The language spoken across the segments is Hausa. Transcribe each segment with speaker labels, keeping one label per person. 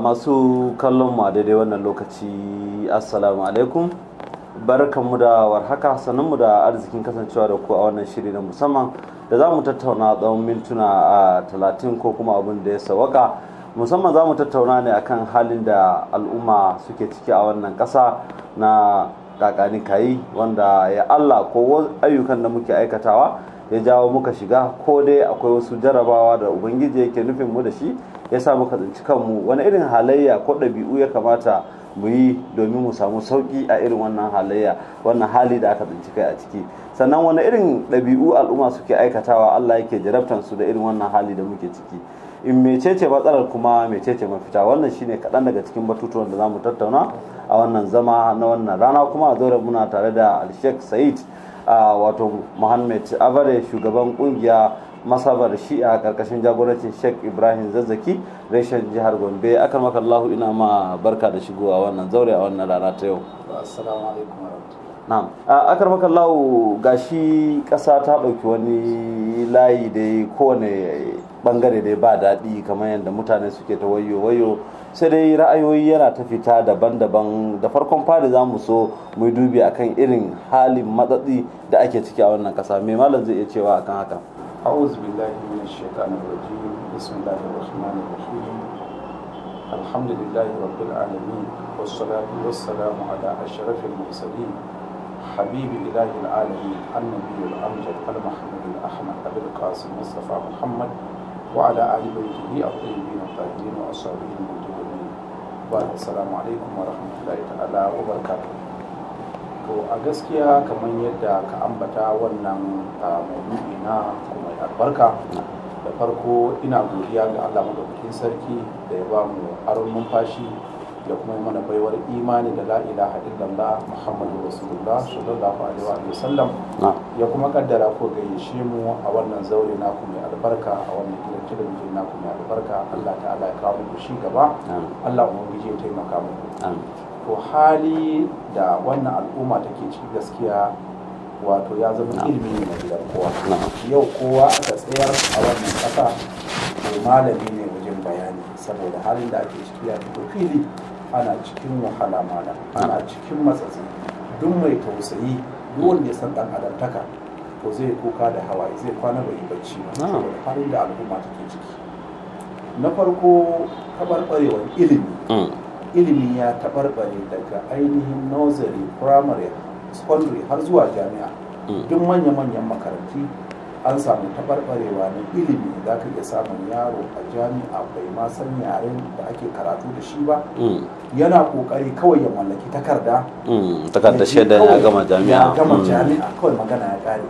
Speaker 1: masu kallon mu a daidai wannan lokaci assalamu alaikum Barkan mu da warhaka mu da arzikin kasancewa da ku a wannan shiri na musamman da za mu tattauna tsawon mintuna a talatin ko kuma abin da ya sawaka musamman za mu tattauna ne akan halin da al'umma suke ciki a wannan ƙasa na kakani kayi wanda ya allah ko ayyukan da muke aikatawa ya jawo muka shiga ko dai akwai wasu jarabawa da ubangiji yake nufin mu da shi ya sa muka tsinci kanmu wani irin halayya ko ɗabi'u ya kamata mu yi domin mu samu sauƙi a irin wannan halayya wannan hali da aka tsinci kai a ciki sannan wani irin ɗabi'u al'umma suke aikatawa Allah yake jarabtan su da irin wannan hali da muke ciki in mecece matsalar kuma mecece mafita wannan shine kaɗan daga cikin batutuwan da zamu tattauna a wannan zama na wannan rana kuma a zaure muna tare da alshek said wato muhammed abare shugaban kungiya masabar shi'a karkashin jagorancin sheikh ibrahim zazzaki reshen jihar gombe aka maka allahu ina ma barka da shigowa wannan zaure a wannan rana ta yau na'am akar maka allahu gashi kasa ta ɗauki wani layi da kowane bangare dai ba daɗi kamar yadda mutane suke ta wayo wayo sai dai ra'ayoyi yana ta fita daban-daban da farkon fari za mu so mu dubi akan irin halin matsatsi da ake ciki a wannan ƙasa. mai malam zai iya cewa akan haka أعوذ
Speaker 2: بالله من الشيطان الرجيم بسم الله الرحمن الرحيم الحمد لله رب العالمين والصلاة والسلام على أشرف المرسلين حبيب إله العالمين النبي الأمجد المحمد الأحمد أبي القاسم مصطفى محمد وعلى آل بيته الطيبين الطاهرين وأصحابه المنتظرين والسلام عليكم ورحمة الله تعالى وبركاته to a gaskiya kamar yadda ka ambata wannan maudu'i na kuma albarka da farko ina godiya ga allah madaukakin sarki da ya ba mu aron numfashi da kuma yi mana baiwar imani da la'ila haɗin lalla muhammadu rasulullah sallallahu alaihi wa sallam ya kuma kaddara ko gayyace mu a wannan zaure na kuma albarka a wannan gidan talabijin na kuma albarka allah ta'ala ya kawo mu shi gaba allah gije ya taimaka mu to hali da wannan al'umma take ciki gaskiya wato ya zama ilimi ne na kowa yau kowa aka tsayar a wannan ƙasa to malami ne wajen bayani saboda halin da ake ciki ya fito fili ana cikin wahala malam ana cikin matsatsi duk mai tausayi duk wanda ya san dan adamtaka to zai kuka da hawaye zai kwana bai bacci ba saboda halin da al'umma take ciki na farko taɓarɓarewar ilimi mm. ilimi ya taɓarɓare daga ainihin nursery primary secondary har zuwa jami'a mm. duk manya-manyan makaranti an samu tabarbarewa na ilimi za ka iya samun yaro a jami'a bai ma san yaren da ake karatu da shi ba mm. yana kokari kawai ya mallaki takarda
Speaker 1: mm. takarda shaida ya gama jami'a ya gama mm. jami'a
Speaker 2: kawai magana ya kare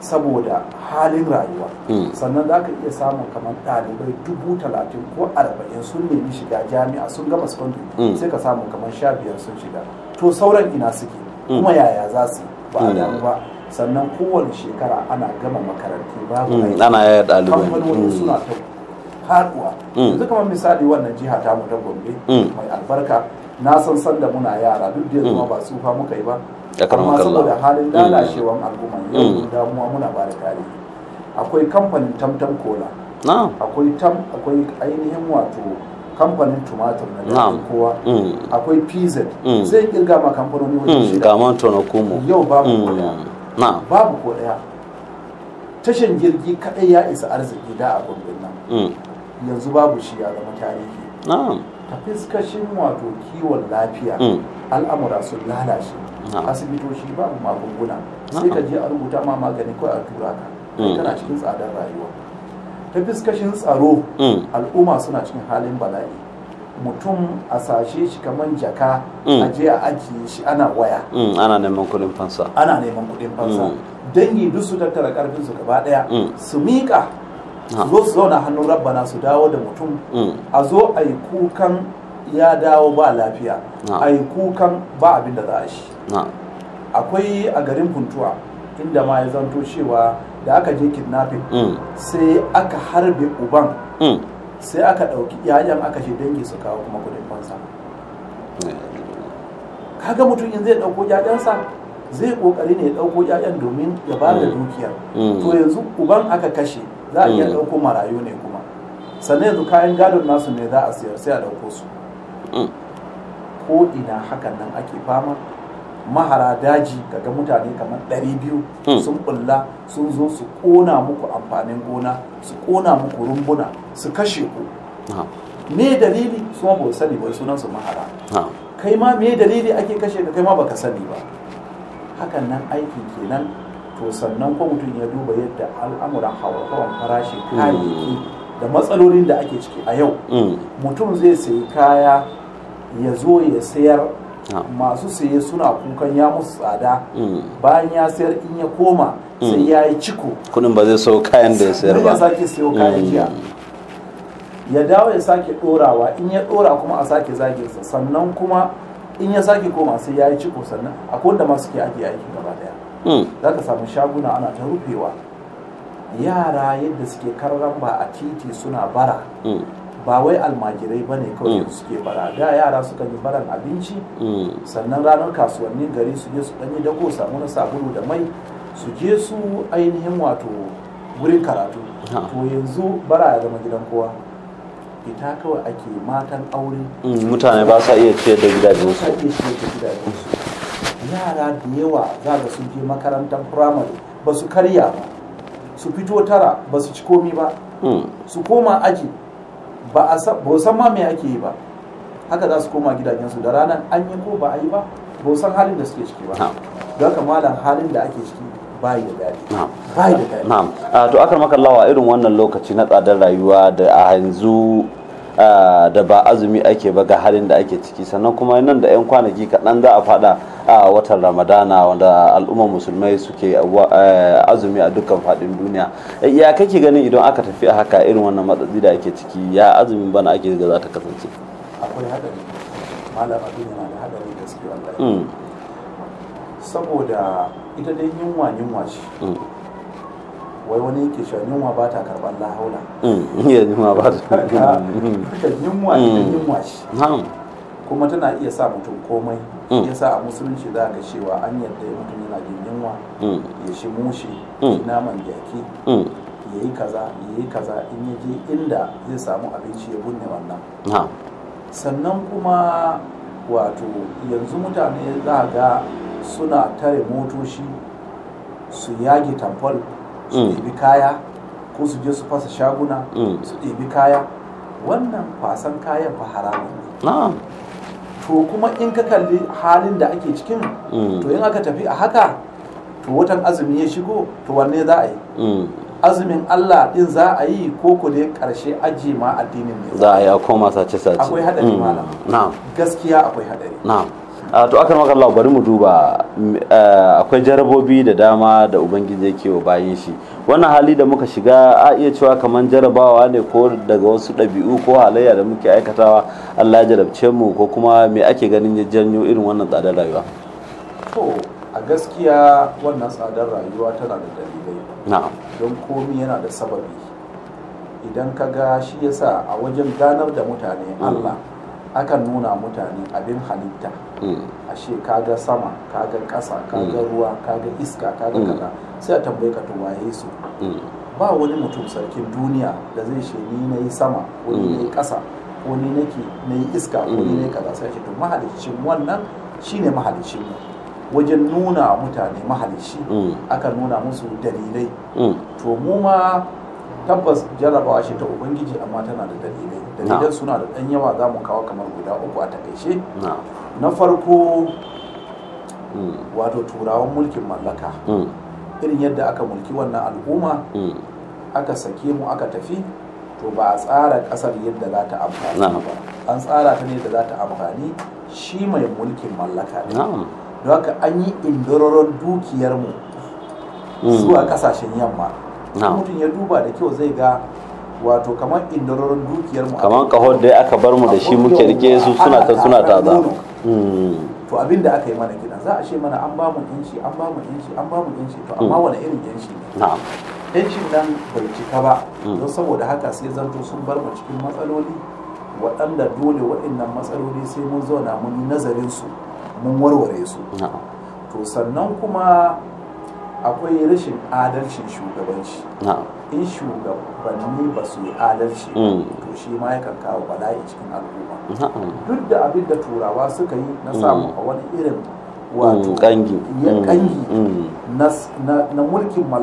Speaker 2: saboda halin rayuwa sannan za ka iya samun kamar ɗalibai dubu talatin ko arba'in sun nemi shiga jami'a sun gama secondary sai ka samu kamar sha biyar sun shiga to sauran ina suke kuma yaya za su ba ba sannan kowane shekara ana gama makarantu babu hmm, ana yaya ɗalibai kamfanoni hmm. suna ta haɗuwa. Hmm. yanzu kamar misali wannan jiha ta mu ta gombe mai albarka na san san da muna yara duk da yanzu ba tsufa muka yi ba amma saboda halin lalacewan al'umma yau damuwa muna ba da kare akwai kamfanin tamtam kola akwai tam akwai ainihin wato kamfanin tumatur na kowa akwai pz zai kirga ma kamfanoni wajen
Speaker 1: shida ga tono kumo yau ba mu mm.
Speaker 2: babu ko daya tashin jirgi kadai ya isa arziki da a gurbin nan mm. yanzu babu shi ya zama tarihi ta fiskashin wato kiwon lafiya mm. al'amura sun lalace asibitoci babu magunguna sai ka je a rubuta ma magani kawai a tura ka tana mm. cikin tsadar rayuwa ta fiskashin tsaro al'umma suna cikin halin bala'i mutum a sashe shi kamar jaka mm. a je a ajiye shi ana waya
Speaker 1: mm, ana neman kudin fansa ana neman kudin fansa mm.
Speaker 2: dangi duk su tattara karfin su gaba daya su miƙa zo su zauna hannun rabbana su dawo da mutum a zo a yi kukan ya dawo ba lafiya a yi kukan ba abin da za a shi akwai a garin puntuwa inda ma ya zanto cewa da aka je kidnapping sai aka harbe uban sai aka ɗauki yayan aka shi dangi su kawo kuma kudin fansa kaga mutum in zai ɗauko yayansa zai kokari ne ya ɗauko yayan domin ya ba da mm. dukiyar mm. to yanzu uban aka kashe za a iya mm. ɗauko marayu ne kuma sannan yanzu kayan gadon nasu ne za a siyar sai a ɗauko su ko ina hakan nan ake fama mahara daji kaga mutane kamar biyu. Hmm. sun bulla sun zo su ƙona muku amfanin gona su kona muku rumbuna su kashe ku me dalili su ba sani ba sunan su mahara kai ma me dalili ake kashe ka kai ma baka sani ba hakan nan aiki kenan to sannan ko mutum ya duba yadda al'amuran hawa farashi hmm. kayayyaki da matsalolin da ake ciki a yau hmm. mutum zai sayi kaya ya zo ya sayar Ah. masu saye suna kukan ya musu tsada hmm. bayan ya sayar in ya koma hmm. sai ya yi ciko
Speaker 1: kudin ba zai sau kayan da ya sayar ba ya sake sayo kayan hmm. jiya
Speaker 2: ya dawo ya sake dorawa in ya dora kuma a sake zagin sa sannan kuma in ya sake koma sai ya yi ciko sannan akwai wanda masu ke ake aiki gaba daya za ka samu shaguna ana ta rufewa yara yadda suke karramba a titi suna bara ba wai almajirai ba ne kawai mm. suke fara. da yara sukan yi baran abinci mm. sannan ranar kasuwannin gari su je su ɗanyi dako samu na sabulu da mai su je su ainihin wato wurin karatu to yanzu bara ya zama gidan kowa ita kawai ake matan aure
Speaker 1: mm, mutane ba sa iya ciyar da su.
Speaker 2: yara da yawa za ga sun je makarantar firamare ba su karya ba su fito tara ba su ci komi ba su koma aji ba a san ma me ake yi ba haka za su koma gidajensu da ranar an yi ko ba a yi ba ba san halin da suke ciki ba don haka malam halin da ake ciki bayi da daɗi
Speaker 1: bayi da daɗi to akan maka lawa irin wannan lokaci na tsadar rayuwa da a yanzu da ba azumi ake ba ga halin da ake ciki sannan kuma nan da 'yan kwanaki kaɗan za a fada a watan ramadana wanda al'ummar musulmai suke eh, azumi a dukkan faɗin duniya eh, ya kake ganin idan aka tafi a haka irin wannan matsatsi da ake ciki ya azumin bana ake ga za ta kasance
Speaker 2: akwai haɗari malam abin yana da haɗari gaske wallahi mm. saboda ita dai yunwa yunwa ce mm. wai wani yake cewa yunwa ba ta karɓar lahaula
Speaker 1: mm, iya yunwa ba ta karɓar mm. yunwa mm. yunwa
Speaker 2: shi. kuma tana iya sa mutum komai ya sa a musulunci za ga cewa an yadda ya mutum yana jin yunwa ya shi mushe naman jaki ya yi kaza ya yi kaza in ya je inda zai samu abinci ya bunne wannan sannan kuma wato yanzu mutane za ga suna tare motoshi su yage tamfol su mm. ɗebi kaya ko su je su fasa shaguna mm. su ɗebi kaya wannan kwasan kayan fa haramun ne to kuma in ka kalli halin da ake cikin mm. to in aka tafi a haka to watan azumi ya shigo to wanne za a yi azumin Allah din za a yi ko ku dai karshe aji ma addinin
Speaker 1: ne za a yi a koma sace sace akwai haɗari malam
Speaker 2: gaskiya akwai hadari
Speaker 1: to aka maka Allah bari mu duba akwai jarabobi da dama da ubangiji yake wa bayan shi wannan hali da muka shiga a iya cewa kamar jarabawa ne ko daga wasu ɗabi'u ko halayya da muke aikatawa Allah ya jarabce mu ko kuma me ake ganin ya janyo irin wannan tsadar rayuwa
Speaker 2: to a gaskiya wannan tsadar rayuwa tana da dalilai na'am don komi yana da sababi idan ka ga shi yasa a wajen ganar da mutane mm. Allah akan nuna mutane abin halitta hmm. ashe kaga sama kaga kasa kaga hmm. ruwa kaga iska kaga hmm. kaza sai a tambaye ka to waye su ba wani mutum sarkin duniya da zai ce ni na yi sama ko ni na yi ƙasa ko ni na yi iska ko ni na yi kaza sai ce to mahalicin wannan shine mahalicin mu wajen nuna mutane mahalici akan nuna musu dalilai to mu ma tabbas jarrabawa shi ta ubangiji amma tana da dalilai dalilan suna da ɗan yawa za mu kawo kamar guda uku a takaice na farko hmm. wato turawan mulkin mallaka hmm. irin yadda aka mulki wannan al'umma hmm. aka sake mu aka tafi to ba a tsara kasar yadda za ta amfani ba an tsara ta ne da za ta amfani shi mai mulkin mallaka ne don haka an yi indororon dukiyarmu zuwa kasashen yamma mutum ya duba da kyau zai ga wato kamar indororin dukiyar mu kamar kahon da aka bar mu da shi muke rike su suna ta suna ta za hmm. to abin da aka yi mana kenan za a ce mana an ba mu yanci an ba mu yanci an ba mu yanci to amma hmm. wani irin yanci ne yancin nan bai cika ba hmm. don saboda haka sai zanto sun bar mu cikin matsaloli waɗanda dole waɗannan matsaloli sai mun zauna mun nazarin su mun warware su to sannan kuma akwai rashin adalcin shugabanci in shugabanni ba su yi adalci mm. to shi ma yakan kawo bala'i cikin al'umma duk da abin da turawa suka yi na samu mm. a wani irin
Speaker 1: mm, wato kangi
Speaker 2: na mulkin mallaka